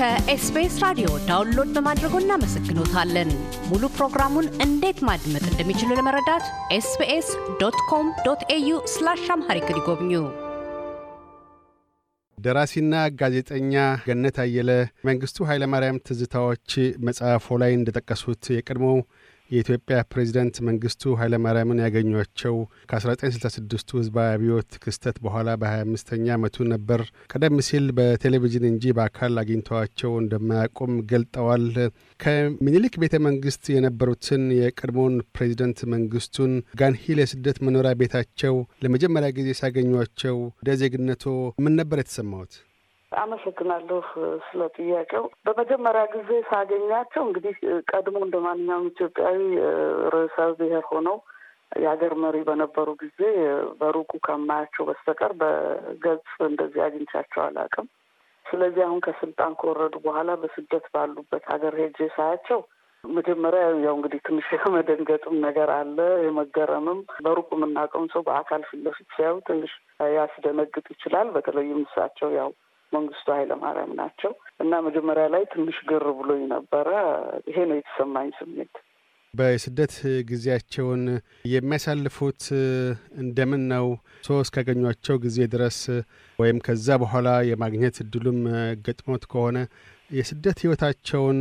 ከኤስቢኤስ ራዲዮ ዳውንሎድ በማድረጎ እናመሰግኖታለን። ሙሉ ፕሮግራሙን እንዴት ማድመጥ እንደሚችሉ ለመረዳት ኤስቢኤስ ዶት ኮም ዶት ኤዩ ስላሽ አምሃሪክ ይጎብኙ። ደራሲና ጋዜጠኛ ገነት አየለ መንግስቱ ኃይለማርያም ትዝታዎች መጽሐፎ ላይ እንደጠቀሱት የቀድሞው የኢትዮጵያ ፕሬዚደንት መንግስቱ ኃይለማርያምን ያገኟቸው ከ1966ቱ ህዝባዊ አብዮት ክስተት በኋላ በ25ኛ ዓመቱ ነበር። ቀደም ሲል በቴሌቪዥን እንጂ በአካል አግኝተዋቸው እንደማያውቁም ገልጠዋል። ከሚኒሊክ ቤተ መንግስት የነበሩትን የቀድሞውን ፕሬዚደንት መንግስቱን ጋንሂል የስደት መኖሪያ ቤታቸው ለመጀመሪያ ጊዜ ሲያገኟቸው እንደ ዜግነቶ ምን ነበር የተሰማዎት? አመሰግናለሁ ስለ ጥያቄው። በመጀመሪያ ጊዜ ሳገኛቸው እንግዲህ ቀድሞ እንደ ማንኛውም ኢትዮጵያዊ ርዕሰ ብሔር ሆነው የሀገር መሪ በነበሩ ጊዜ በሩቁ ከማያቸው በስተቀር በገጽ እንደዚህ አግኝቻቸው አላውቅም። ስለዚህ አሁን ከስልጣን ከወረዱ በኋላ በስደት ባሉበት ሀገር ሄጄ ሳያቸው መጀመሪያ ያው እንግዲህ ትንሽ የመደንገጥም ነገር አለ፣ የመገረምም በሩቁ የምናቀውን ሰው በአካል ፊት ለፊት ሲያዩ ትንሽ ያስደነግጥ ይችላል። በተለይም እሳቸው ያው መንግስቱ ኃይለማርያም ናቸው እና መጀመሪያ ላይ ትንሽ ግር ብሎኝ ነበረ። ይሄ ነው የተሰማኝ ስሜት። በስደት ጊዜያቸውን የሚያሳልፉት እንደምን ነው? ሰው እስካገኟቸው ጊዜ ድረስ ወይም ከዛ በኋላ የማግኘት እድሉም ገጥሞት ከሆነ የስደት ህይወታቸውን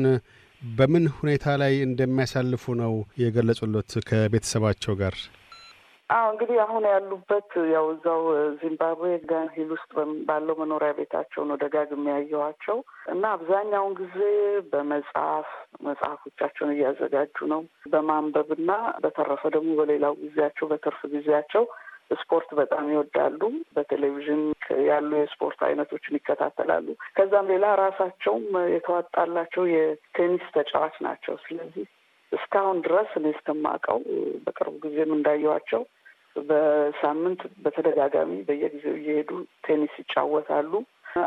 በምን ሁኔታ ላይ እንደሚያሳልፉ ነው የገለጹሎት ከቤተሰባቸው ጋር? አዎ እንግዲህ አሁን ያሉበት ያው እዛው ዚምባብዌ ጋን ሂል ውስጥ ባለው መኖሪያ ቤታቸው ነው ደጋግሜ ያየኋቸው እና አብዛኛውን ጊዜ በመጽሐፍ መጽሐፎቻቸውን እያዘጋጁ ነው በማንበብ እና በተረፈ ደግሞ በሌላው ጊዜያቸው በትርፍ ጊዜያቸው ስፖርት በጣም ይወዳሉ። በቴሌቪዥን ያሉ የስፖርት አይነቶችን ይከታተላሉ። ከዛም ሌላ ራሳቸውም የተዋጣላቸው የቴኒስ ተጫዋች ናቸው። ስለዚህ እስካሁን ድረስ እኔ እስከማውቀው በቅርቡ ጊዜም እንዳየዋቸው በሳምንት በተደጋጋሚ በየጊዜው እየሄዱ ቴኒስ ይጫወታሉ።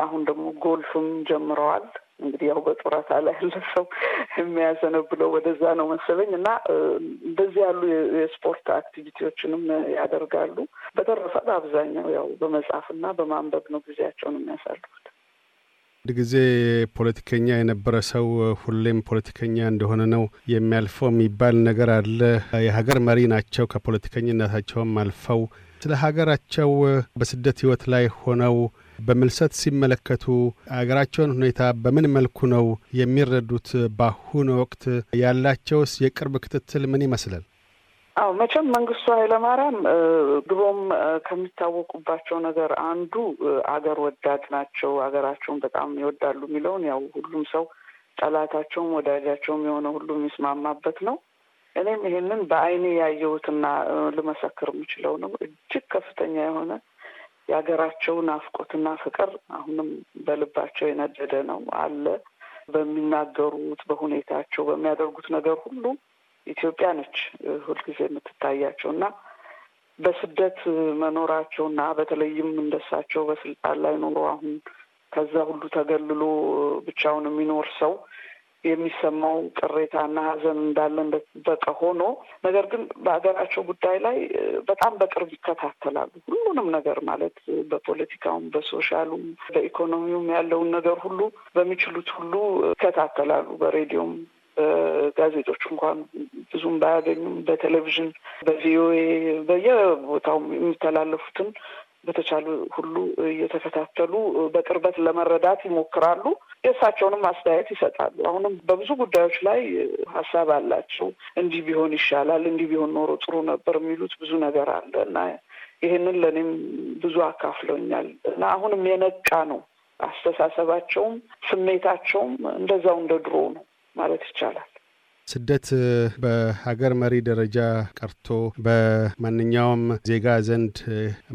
አሁን ደግሞ ጎልፍም ጀምረዋል። እንግዲህ ያው በጡረታ ላይ ያለ ሰው የሚያዘነብለው ወደዛ ነው መሰለኝ እና እንደዚህ ያሉ የስፖርት አክቲቪቲዎችንም ያደርጋሉ። በተረፈ በአብዛኛው ያው በመጽሐፍና በማንበብ ነው ጊዜያቸውን የሚያሳልፉት። አንድ ጊዜ ፖለቲከኛ የነበረ ሰው ሁሌም ፖለቲከኛ እንደሆነ ነው የሚያልፈው የሚባል ነገር አለ። የሀገር መሪ ናቸው። ከፖለቲከኝነታቸውም አልፈው ስለ ሀገራቸው በስደት ሕይወት ላይ ሆነው በምልሰት ሲመለከቱ አገራቸውን ሁኔታ በምን መልኩ ነው የሚረዱት? በአሁኑ ወቅት ያላቸውስ የቅርብ ክትትል ምን ይመስላል? አዎ መቼም መንግስቱ ኃይለማርያም ድሮም ከሚታወቁባቸው ነገር አንዱ አገር ወዳድ ናቸው፣ አገራቸውን በጣም ይወዳሉ የሚለውን ያው ሁሉም ሰው ጠላታቸውም ወዳጃቸውም የሆነ ሁሉ የሚስማማበት ነው። እኔም ይሄንን በአይኔ ያየሁትና ልመሰክር የምችለው ነው። እጅግ ከፍተኛ የሆነ የሀገራቸው ናፍቆትና ፍቅር አሁንም በልባቸው የነደደ ነው አለ። በሚናገሩት፣ በሁኔታቸው፣ በሚያደርጉት ነገር ሁሉ ኢትዮጵያ ነች ሁልጊዜ የምትታያቸው እና በስደት መኖራቸው እና በተለይም እንደሳቸው በስልጣን ላይ ኖሮ አሁን ከዛ ሁሉ ተገልሎ ብቻውን የሚኖር ሰው የሚሰማው እና ሐዘን እንዳለ እንደጠበቀ ሆኖ ነገር ግን በሀገራቸው ጉዳይ ላይ በጣም በቅርብ ይከታተላሉ። ሁሉንም ነገር ማለት በፖለቲካውም፣ በሶሻሉም፣ በኢኮኖሚውም ያለውን ነገር ሁሉ በሚችሉት ሁሉ ይከታተላሉ። በሬዲዮም በጋዜጦች እንኳን ብዙም ባያገኙም በቴሌቪዥን በቪኦኤ በየቦታው የሚተላለፉትን በተቻለ ሁሉ እየተከታተሉ በቅርበት ለመረዳት ይሞክራሉ። የእሳቸውንም አስተያየት ይሰጣሉ። አሁንም በብዙ ጉዳዮች ላይ ሀሳብ አላቸው። እንዲህ ቢሆን ይሻላል፣ እንዲህ ቢሆን ኖሮ ጥሩ ነበር የሚሉት ብዙ ነገር አለ እና ይህንን ለእኔም ብዙ አካፍለኛል እና አሁንም የነቃ ነው አስተሳሰባቸውም ስሜታቸውም እንደዛው እንደ ድሮ ነው። ማለት ይቻላል። ስደት በሀገር መሪ ደረጃ ቀርቶ በማንኛውም ዜጋ ዘንድ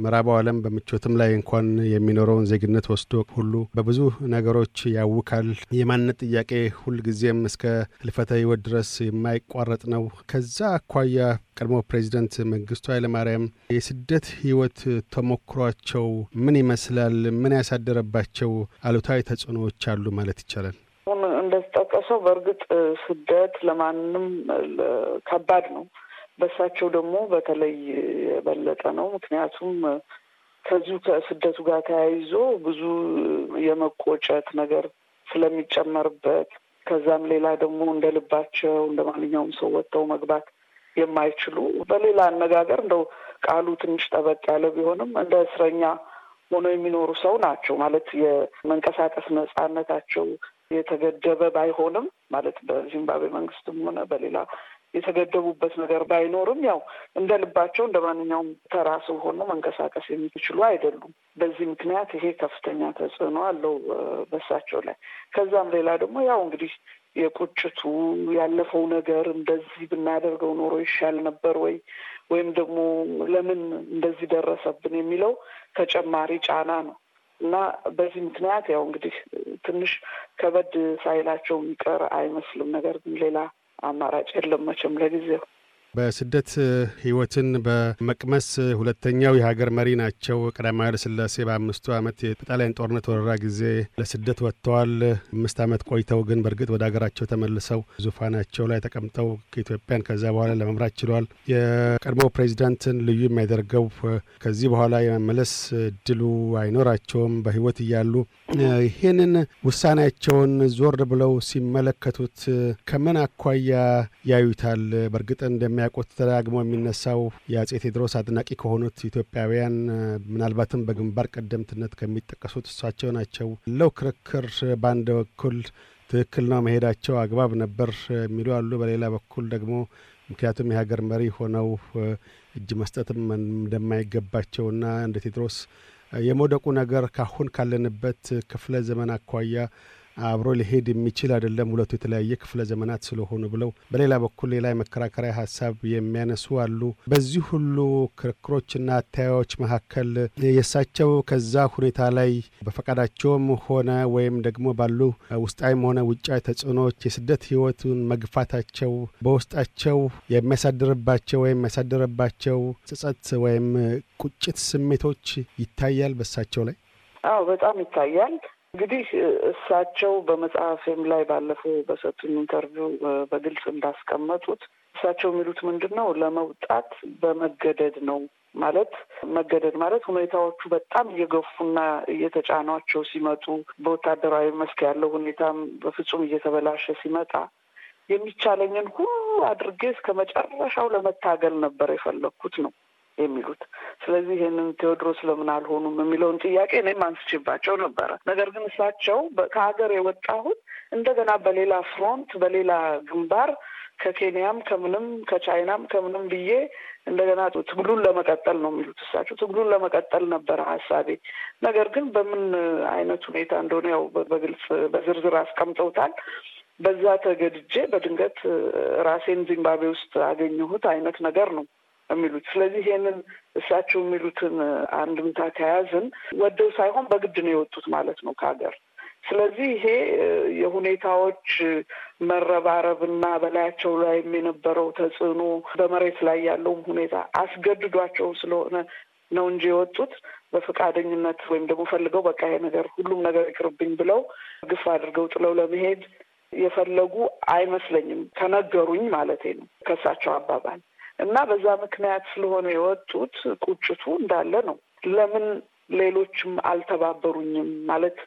ምዕራቡ ዓለም በምቾትም ላይ እንኳን የሚኖረውን ዜግነት ወስዶ ሁሉ በብዙ ነገሮች ያውካል። የማንነት ጥያቄ ሁልጊዜም እስከ ህልፈተ ህይወት ድረስ የማይቋረጥ ነው። ከዛ አኳያ ቀድሞ ፕሬዚደንት መንግስቱ ኃይለማርያም የስደት ህይወት ተሞክሯቸው ምን ይመስላል? ምን ያሳደረባቸው አሉታዊ ተጽዕኖዎች አሉ ማለት ይቻላል? ሰው በእርግጥ ስደት ለማንም ከባድ ነው። በእሳቸው ደግሞ በተለይ የበለጠ ነው። ምክንያቱም ከዚሁ ከስደቱ ጋር ተያይዞ ብዙ የመቆጨት ነገር ስለሚጨመርበት ከዛም ሌላ ደግሞ እንደ ልባቸው እንደ ማንኛውም ሰው ወጥተው መግባት የማይችሉ በሌላ አነጋገር እንደው ቃሉ ትንሽ ጠበቅ ያለ ቢሆንም እንደ እስረኛ ሆነው የሚኖሩ ሰው ናቸው። ማለት የመንቀሳቀስ ነጻነታቸው የተገደበ ባይሆንም ማለት በዚምባብዌ መንግስትም ሆነ በሌላ የተገደቡበት ነገር ባይኖርም ያው እንደ ልባቸው እንደ ማንኛውም ተራ ሰው ሆኖ መንቀሳቀስ የሚችሉ አይደሉም። በዚህ ምክንያት ይሄ ከፍተኛ ተጽዕኖ አለው በሳቸው ላይ። ከዛም ሌላ ደግሞ ያው እንግዲህ የቁጭቱ ያለፈው ነገር እንደዚህ ብናደርገው ኖሮ ይሻል ነበር ወይ ወይም ደግሞ ለምን እንደዚህ ደረሰብን የሚለው ተጨማሪ ጫና ነው እና በዚህ ምክንያት ያው እንግዲህ ትንሽ ከበድ ሳይላቸው የሚቀር አይመስልም። ነገር ግን ሌላ አማራጭ የለም መቼም ለጊዜው በስደት ህይወትን በመቅመስ ሁለተኛው የሀገር መሪ ናቸው ቀዳማዊ ኃይለ ሥላሴ በአምስቱ ዓመት የጣሊያን ጦርነት ወረራ ጊዜ ለስደት ወጥተዋል። አምስት ዓመት ቆይተው ግን በእርግጥ ወደ ሀገራቸው ተመልሰው ዙፋናቸው ላይ ተቀምጠው ከኢትዮጵያን ከዛ በኋላ ለመምራት ችለዋል። የቀድሞ ፕሬዚዳንትን ልዩ የሚያደርገው ከዚህ በኋላ የመመለስ እድሉ አይኖራቸውም በህይወት እያሉ ይህንን ውሳኔያቸውን ዞር ብለው ሲመለከቱት ከምን አኳያ ያዩታል? በእርግጥ እንደሚያውቁት ተደጋግሞ የሚነሳው የአጼ ቴዎድሮስ አድናቂ ከሆኑት ኢትዮጵያውያን ምናልባትም በግንባር ቀደምትነት ከሚጠቀሱት እሳቸው ናቸው። ለው ክርክር በአንድ በኩል ትክክል ነው መሄዳቸው አግባብ ነበር የሚሉ አሉ። በሌላ በኩል ደግሞ ምክንያቱም የሀገር መሪ ሆነው እጅ መስጠትም እንደማይገባቸውና እንደ ቴዎድሮስ የመውደቁ ነገር ካሁን ካለንበት ክፍለ ዘመን አኳያ አብሮ ሊሄድ የሚችል አይደለም፣ ሁለቱ የተለያየ ክፍለ ዘመናት ስለሆኑ ብለው በሌላ በኩል ሌላ የመከራከሪያ ሀሳብ የሚያነሱ አሉ። በዚህ ሁሉ ክርክሮችና አተያዮች መካከል የእሳቸው ከዛ ሁኔታ ላይ በፈቃዳቸውም ሆነ ወይም ደግሞ ባሉ ውስጣዊም ሆነ ውጫዊ ተጽዕኖዎች የስደት ህይወቱን መግፋታቸው በውስጣቸው የሚያሳድርባቸው ወይም የሚያሳድርባቸው ጸጸት ወይም ቁጭት ስሜቶች ይታያል በእሳቸው ላይ። አዎ በጣም ይታያል። እንግዲህ እሳቸው በመጽሐፌም ላይ ባለፈው በሰጡኝ ኢንተርቪው በግልጽ እንዳስቀመጡት እሳቸው የሚሉት ምንድን ነው? ለመውጣት በመገደድ ነው ማለት መገደድ ማለት ሁኔታዎቹ በጣም እየገፉና እየተጫኗቸው ሲመጡ በወታደራዊ መስክ ያለው ሁኔታም በፍጹም እየተበላሸ ሲመጣ የሚቻለኝን ሁሉ አድርጌ እስከ መጨረሻው ለመታገል ነበር የፈለግኩት ነው የሚሉት። ስለዚህ ይህንን ቴዎድሮስ ለምን አልሆኑም የሚለውን ጥያቄ እኔም አንስቼባቸው ነበረ። ነገር ግን እሳቸው ከሀገር የወጣሁት እንደገና በሌላ ፍሮንት በሌላ ግንባር ከኬንያም ከምንም ከቻይናም ከምንም ብዬ እንደገና ትግሉን ለመቀጠል ነው የሚሉት እሳቸው። ትግሉን ለመቀጠል ነበረ ሀሳቤ። ነገር ግን በምን አይነት ሁኔታ እንደሆነ ያው በግልጽ በዝርዝር አስቀምጠውታል። በዛ ተገድጄ በድንገት ራሴን ዚምባብዌ ውስጥ አገኘሁት አይነት ነገር ነው የሚሉት ስለዚህ ይሄንን እሳቸው የሚሉትን አንድምታ ከያዝን ወደው ሳይሆን በግድ ነው የወጡት ማለት ነው ከሀገር ስለዚህ ይሄ የሁኔታዎች መረባረብና በላያቸው ላይ የነበረው ተጽዕኖ በመሬት ላይ ያለውም ሁኔታ አስገድዷቸው ስለሆነ ነው እንጂ የወጡት በፈቃደኝነት ወይም ደግሞ ፈልገው በቃ ይሄ ነገር ሁሉም ነገር ይቅርብኝ ብለው ግፍ አድርገው ጥለው ለመሄድ የፈለጉ አይመስለኝም። ከነገሩኝ ማለት ነው ከእሳቸው አባባል እና በዛ ምክንያት ስለሆነ የወጡት ቁጭቱ እንዳለ ነው። ለምን ሌሎችም አልተባበሩኝም ማለት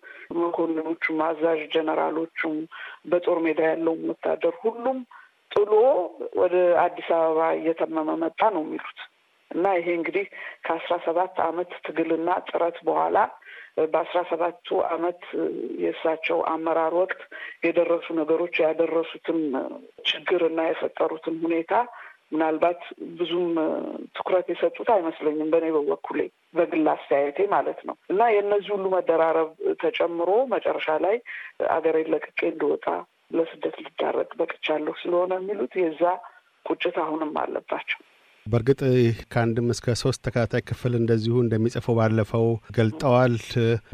መኮንኖቹም፣ አዛዥ ጀነራሎቹም፣ በጦር ሜዳ ያለውም ወታደር ሁሉም ጥሎ ወደ አዲስ አበባ እየተመመ መጣ ነው የሚሉት እና ይሄ እንግዲህ ከአስራ ሰባት አመት ትግልና ጥረት በኋላ በአስራ ሰባቱ አመት የእሳቸው አመራር ወቅት የደረሱ ነገሮች ያደረሱትን ችግር እና የፈጠሩትን ሁኔታ ምናልባት ብዙም ትኩረት የሰጡት አይመስለኝም። በእኔ በበኩሌ በግል አስተያየቴ ማለት ነው እና የእነዚህ ሁሉ መደራረብ ተጨምሮ መጨረሻ ላይ አገሬን ለቅቄ እንድወጣ ለስደት ልዳረግ በቅቻለሁ ስለሆነ የሚሉት የዛ ቁጭት አሁንም አለባቸው። በእርግጥ ከአንድም እስከ ሶስት ተከታታይ ክፍል እንደዚሁ እንደሚጽፉ ባለፈው ገልጠዋል።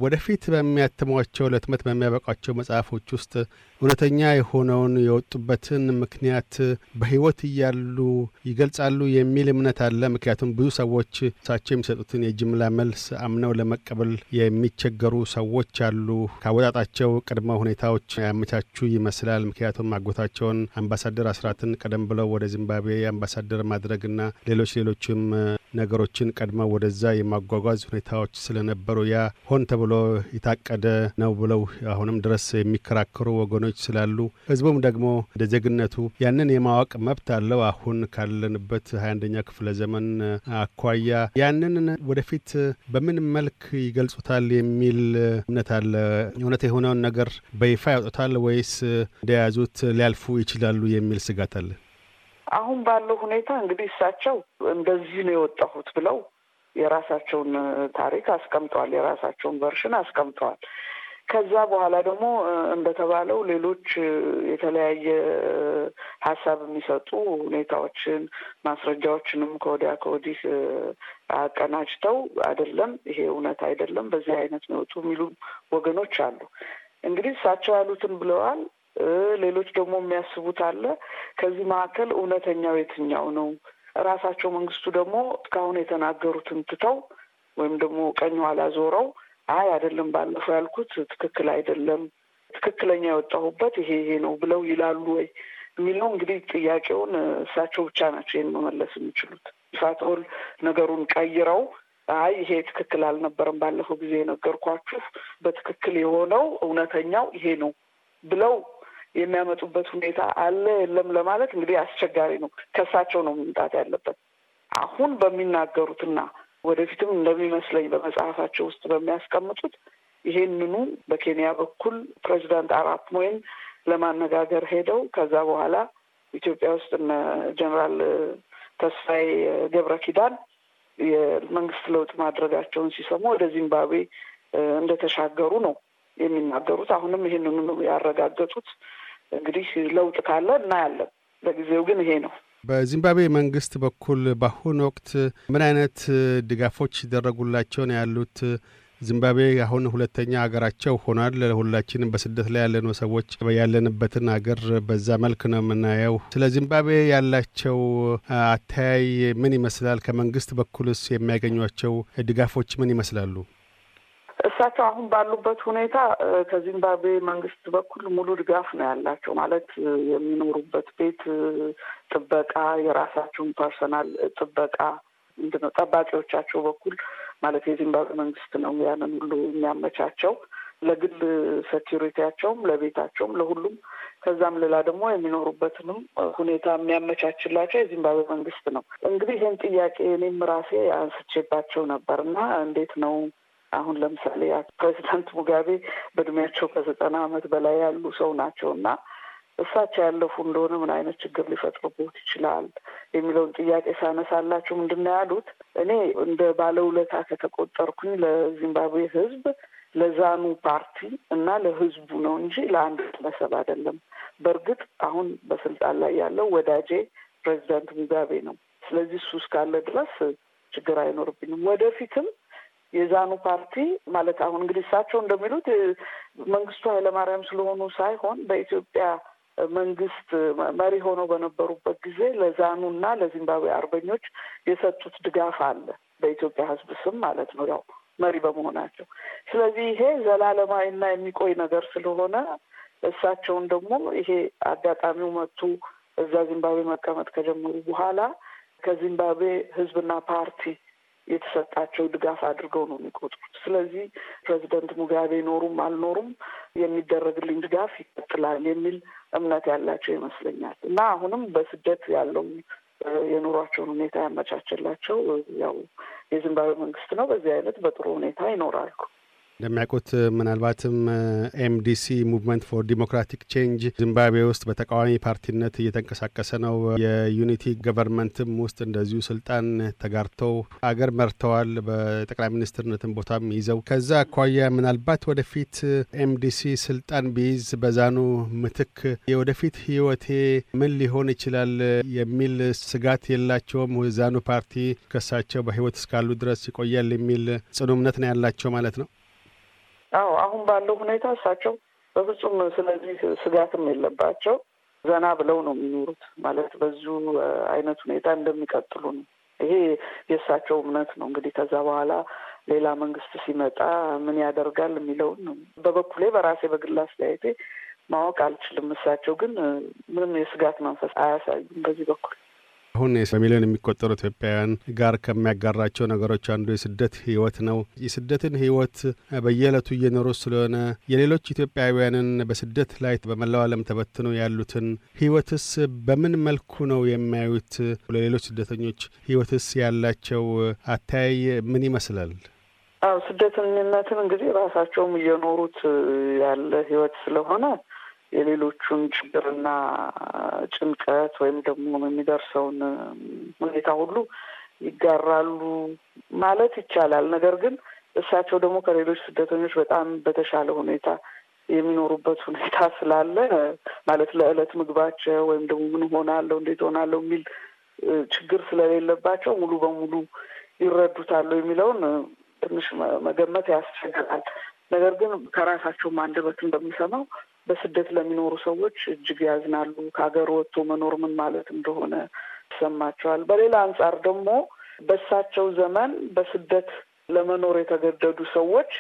ወደፊት በሚያትሟቸው ለህትመት በሚያበቋቸው መጽሐፎች ውስጥ እውነተኛ የሆነውን የወጡበትን ምክንያት በህይወት እያሉ ይገልጻሉ የሚል እምነት አለ። ምክንያቱም ብዙ ሰዎች እሳቸው የሚሰጡትን የጅምላ መልስ አምነው ለመቀበል የሚቸገሩ ሰዎች አሉ። ካወጣጣቸው ቅድመ ሁኔታዎች ያመቻቹ ይመስላል። ምክንያቱም አጎታቸውን አምባሳደር አስራትን ቀደም ብለው ወደ ዚምባብዌ አምባሳደር ማድረግና ሌሎች ሌሎችም ነገሮችን ቀድመው ወደዛ የማጓጓዝ ሁኔታዎች ስለነበሩ ያ ሆን ተብሎ የታቀደ ነው ብለው አሁንም ድረስ የሚከራከሩ ወገኖች ችግሮች ስላሉ ህዝቡም ደግሞ እንደ ዜግነቱ ያንን የማወቅ መብት አለው። አሁን ካለንበት ሀያ አንደኛ ክፍለ ዘመን አኳያ ያንን ወደፊት በምን መልክ ይገልጹታል የሚል እምነት አለ። እውነት የሆነውን ነገር በይፋ ያውጡታል ወይስ እንደያዙት ሊያልፉ ይችላሉ የሚል ስጋት አለ። አሁን ባለው ሁኔታ እንግዲህ እሳቸው እንደዚህ ነው የወጣሁት ብለው የራሳቸውን ታሪክ አስቀምጠዋል። የራሳቸውን ቨርሽን አስቀምጠዋል። ከዛ በኋላ ደግሞ እንደተባለው ሌሎች የተለያየ ሀሳብ የሚሰጡ ሁኔታዎችን ማስረጃዎችንም ከወዲያ ከወዲህ አቀናጅተው አይደለም ይሄ እውነት አይደለም፣ በዚህ አይነት ነው የወጡ የሚሉ ወገኖች አሉ። እንግዲህ እሳቸው ያሉትን ብለዋል። ሌሎች ደግሞ የሚያስቡት አለ። ከዚህ መካከል እውነተኛው የትኛው ነው? ራሳቸው መንግስቱ ደግሞ እስካሁን የተናገሩትን ትተው ወይም ደግሞ ቀኝ ኋላ ዞረው አይ አይደለም ባለፈው ያልኩት ትክክል አይደለም፣ ትክክለኛ የወጣሁበት ይሄ ይሄ ነው ብለው ይላሉ ወይ የሚለው እንግዲህ ጥያቄውን እሳቸው ብቻ ናቸው ይህን መመለስ የሚችሉት። ይፋትል ነገሩን ቀይረው አይ ይሄ ትክክል አልነበረም፣ ባለፈው ጊዜ የነገርኳችሁ በትክክል የሆነው እውነተኛው ይሄ ነው ብለው የሚያመጡበት ሁኔታ አለ የለም ለማለት እንግዲህ አስቸጋሪ ነው። ከእሳቸው ነው መምጣት ያለበት አሁን በሚናገሩትና ወደፊትም እንደሚመስለኝ በመጽሐፋቸው ውስጥ በሚያስቀምጡት ይሄንኑ በኬንያ በኩል ፕሬዚዳንት አራፕ ሞይን ለማነጋገር ሄደው ከዛ በኋላ ኢትዮጵያ ውስጥ እነ ጀኔራል ተስፋዬ ገብረ ኪዳን የመንግስት ለውጥ ማድረጋቸውን ሲሰሙ ወደ ዚምባብዌ እንደተሻገሩ ነው የሚናገሩት። አሁንም ይህንኑ ነው ያረጋገጡት። እንግዲህ ለውጥ ካለ እናያለን። ለጊዜው ግን ይሄ ነው። በዚምባብዌ መንግስት በኩል በአሁኑ ወቅት ምን አይነት ድጋፎች ይደረጉላቸው ነው ያሉት? ዚምባብዌ አሁን ሁለተኛ ሀገራቸው ሆኗል። ሁላችንም በስደት ላይ ያለነው ሰዎች ያለንበትን ሀገር በዛ መልክ ነው የምናየው። ስለ ዚምባብዌ ያላቸው አተያይ ምን ይመስላል? ከመንግስት በኩልስ የሚያገኟቸው ድጋፎች ምን ይመስላሉ? እሳቸው አሁን ባሉበት ሁኔታ ከዚምባብዌ መንግስት በኩል ሙሉ ድጋፍ ነው ያላቸው። ማለት የሚኖሩበት ቤት ጥበቃ፣ የራሳቸውን ፐርሰናል ጥበቃ ምንድን ነው ጠባቂዎቻቸው በኩል ማለት የዚምባብዌ መንግስት ነው ያንን ሁሉ የሚያመቻቸው ለግል ሴኪሪቲያቸውም፣ ለቤታቸውም፣ ለሁሉም ከዛም ሌላ ደግሞ የሚኖሩበትንም ሁኔታ የሚያመቻችላቸው የዚምባብዌ መንግስት ነው። እንግዲህ ይህን ጥያቄ እኔም ራሴ አንስቼባቸው ነበር እና እንዴት ነው አሁን ለምሳሌ ፕሬዚዳንት ሙጋቤ በእድሜያቸው ከዘጠና ዓመት በላይ ያሉ ሰው ናቸው እና እሳቸው ያለፉ እንደሆነ ምን አይነት ችግር ሊፈጥሩበት ይችላል የሚለውን ጥያቄ ሳነሳላችሁ ምንድን ነው ያሉት? እኔ እንደ ባለውለታ ከተቆጠርኩኝ ለዚምባብዌ ሕዝብ ለዛኑ ፓርቲ እና ለሕዝቡ ነው እንጂ ለአንድ ግለሰብ አይደለም። በእርግጥ አሁን በስልጣን ላይ ያለው ወዳጄ ፕሬዚዳንት ሙጋቤ ነው። ስለዚህ እሱ እስካለ ድረስ ችግር አይኖርብኝም። ወደፊትም የዛኑ ፓርቲ ማለት አሁን እንግዲህ እሳቸው እንደሚሉት መንግስቱ ኃይለማርያም ስለሆኑ ሳይሆን በኢትዮጵያ መንግስት መሪ ሆነው በነበሩበት ጊዜ ለዛኑ እና ለዚምባብዌ አርበኞች የሰጡት ድጋፍ አለ በኢትዮጵያ ሕዝብ ስም ማለት ነው ያው መሪ በመሆናቸው። ስለዚህ ይሄ ዘላለማዊ እና የሚቆይ ነገር ስለሆነ እሳቸውን ደግሞ ይሄ አጋጣሚው መቱ እዛ ዚምባብዌ መቀመጥ ከጀመሩ በኋላ ከዚምባብዌ ሕዝብና ፓርቲ የተሰጣቸው ድጋፍ አድርገው ነው የሚቆጥሩት። ስለዚህ ፕሬዚደንት ሙጋቤ ኖሩም አልኖሩም የሚደረግልኝ ድጋፍ ይቀጥላል የሚል እምነት ያላቸው ይመስለኛል እና አሁንም በስደት ያለው የኑሯቸውን ሁኔታ ያመቻቸላቸው ያው የዚምባብዌ መንግስት ነው። በዚህ አይነት በጥሩ ሁኔታ ይኖራሉ። እንደሚያውቁት ምናልባትም ኤምዲሲ ሙቭመንት ፎር ዲሞክራቲክ ቼንጅ ዚምባብዌ ውስጥ በተቃዋሚ ፓርቲነት እየተንቀሳቀሰ ነው። የዩኒቲ ገቨርንመንትም ውስጥ እንደዚሁ ስልጣን ተጋርተው አገር መርተዋል። በጠቅላይ ሚኒስትርነትን ቦታም ይዘው ከዛ አኳያ ምናልባት ወደፊት ኤምዲሲ ስልጣን ቢይዝ በዛኑ ምትክ የወደፊት ህይወቴ ምን ሊሆን ይችላል የሚል ስጋት የላቸውም። ዛኑ ፓርቲ ከሳቸው በህይወት እስካሉ ድረስ ይቆያል የሚል ጽኑ እምነት ነው ያላቸው ማለት ነው። አዎ አሁን ባለው ሁኔታ እሳቸው በፍጹም ስለዚህ ስጋትም የለባቸው። ዘና ብለው ነው የሚኖሩት። ማለት በዙ አይነት ሁኔታ እንደሚቀጥሉ ነው። ይሄ የእሳቸው እምነት ነው። እንግዲህ ከዛ በኋላ ሌላ መንግስት ሲመጣ ምን ያደርጋል የሚለውን ነው በበኩሌ በራሴ በግል አስተያየቴ ማወቅ አልችልም። እሳቸው ግን ምንም የስጋት መንፈስ አያሳዩም በዚህ በኩል አሁን በሚሊዮን የሚቆጠሩ ኢትዮጵያውያን ጋር ከሚያጋራቸው ነገሮች አንዱ የስደት ህይወት ነው። የስደትን ህይወት በየዕለቱ እየኖሩ ስለሆነ የሌሎች ኢትዮጵያውያንን በስደት ላይ በመላው ዓለም ተበትኖ ያሉትን ህይወትስ በምን መልኩ ነው የሚያዩት? ለሌሎች ስደተኞች ህይወትስ ያላቸው አተያይ ምን ይመስላል? አዎ ስደተኝነትን እንግዲህ ራሳቸውም እየኖሩት ያለ ህይወት ስለሆነ የሌሎቹን ችግርና ጭንቀት ወይም ደግሞ የሚደርሰውን ሁኔታ ሁሉ ይጋራሉ ማለት ይቻላል። ነገር ግን እሳቸው ደግሞ ከሌሎች ስደተኞች በጣም በተሻለ ሁኔታ የሚኖሩበት ሁኔታ ስላለ ማለት ለዕለት ምግባቸው ወይም ደግሞ ምን ሆናለሁ እንዴት ሆናለሁ የሚል ችግር ስለሌለባቸው ሙሉ በሙሉ ይረዱታሉ የሚለውን ትንሽ መገመት ያስቸግራል። ነገር ግን ከራሳቸውም አንደበት እንደምሰማው በስደት ለሚኖሩ ሰዎች እጅግ ያዝናሉ። ከሀገር ወጥቶ መኖር ምን ማለት እንደሆነ ይሰማቸዋል። በሌላ አንጻር ደግሞ በእሳቸው ዘመን በስደት ለመኖር የተገደዱ ሰዎች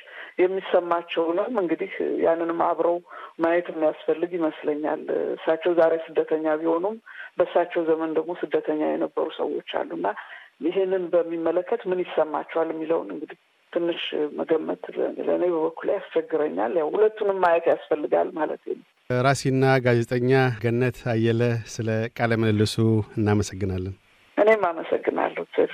የሚሰማቸውንም እንግዲህ ያንንም አብረው ማየት የሚያስፈልግ ይመስለኛል። እሳቸው ዛሬ ስደተኛ ቢሆኑም በእሳቸው ዘመን ደግሞ ስደተኛ የነበሩ ሰዎች አሉና ይህንን በሚመለከት ምን ይሰማቸዋል የሚለውን እንግዲህ ትንሽ መገመት ለእኔ በበኩል ያስቸግረኛል። ያው ሁለቱንም ማየት ያስፈልጋል ማለት ነው። ራሲና ጋዜጠኛ ገነት አየለ ስለ ቃለ ምልልሱ እናመሰግናለን። እኔም አመሰግናለሁ። ዜር